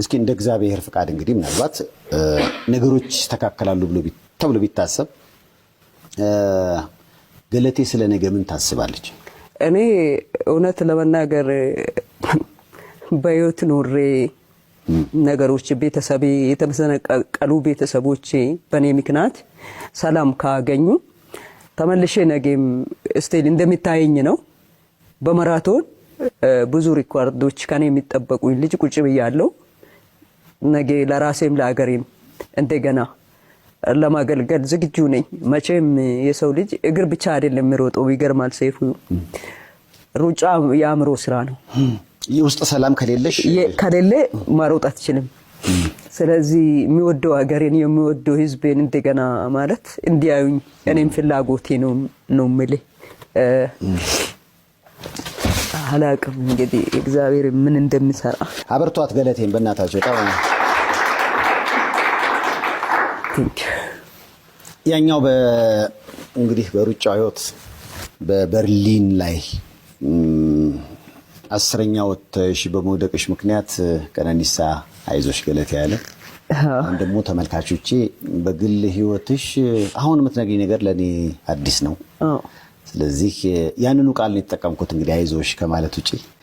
እስኪ እንደ እግዚአብሔር ፍቃድ እንግዲህ ምናልባት ነገሮች ይስተካከላሉ ተብሎ ቢታሰብ ገለቴ ስለ ነገ ምን ታስባለች? እኔ እውነት ለመናገር በህይወት ኖሬ ነገሮች ቤተሰቤ የተመሰነቀሉ ቤተሰቦቼ በእኔ ምክንያት ሰላም ካገኙ ተመልሼ ነገም ስቴል እንደሚታየኝ ነው። በመራቶን ብዙ ሪኳርዶች ከኔ የሚጠበቁኝ ልጅ ቁጭ ብያለሁ። ነገ ለራሴም ለሀገሬም እንደገና ለማገልገል ዝግጁ ነኝ። መቼም የሰው ልጅ እግር ብቻ አይደለም የሚሮጠው። ይገርማል ሰይፉ፣ ሩጫ የአእምሮ ስራ ነው። የውስጥ ሰላም ከሌለሽ ከሌለ መሮጥ አትችልም። ስለዚህ የሚወደው ሀገሬን የሚወደው ህዝቤን እንደገና ማለት እንዲያዩኝ እኔም ፍላጎቴ ነው ነው የምልህ። አላቅም እንግዲህ እግዚአብሔር ምን እንደሚሰራ አበርቷት ገለቴን በእናታቸው ያኛው እንግዲህ በሩጫ ህይወት በበርሊን ላይ አስረኛ ወጥተሽ በመውደቅሽ ምክንያት ቀነኒሳ አይዞሽ ገለት ያለ ደግሞ ተመልካቾቼ በግል ህይወትሽ አሁን የምትነግሪኝ ነገር ለእኔ አዲስ ነው። ስለዚህ ያንኑ ቃል ነው የተጠቀምኩት እንግዲህ አይዞሽ ከማለት ውጭ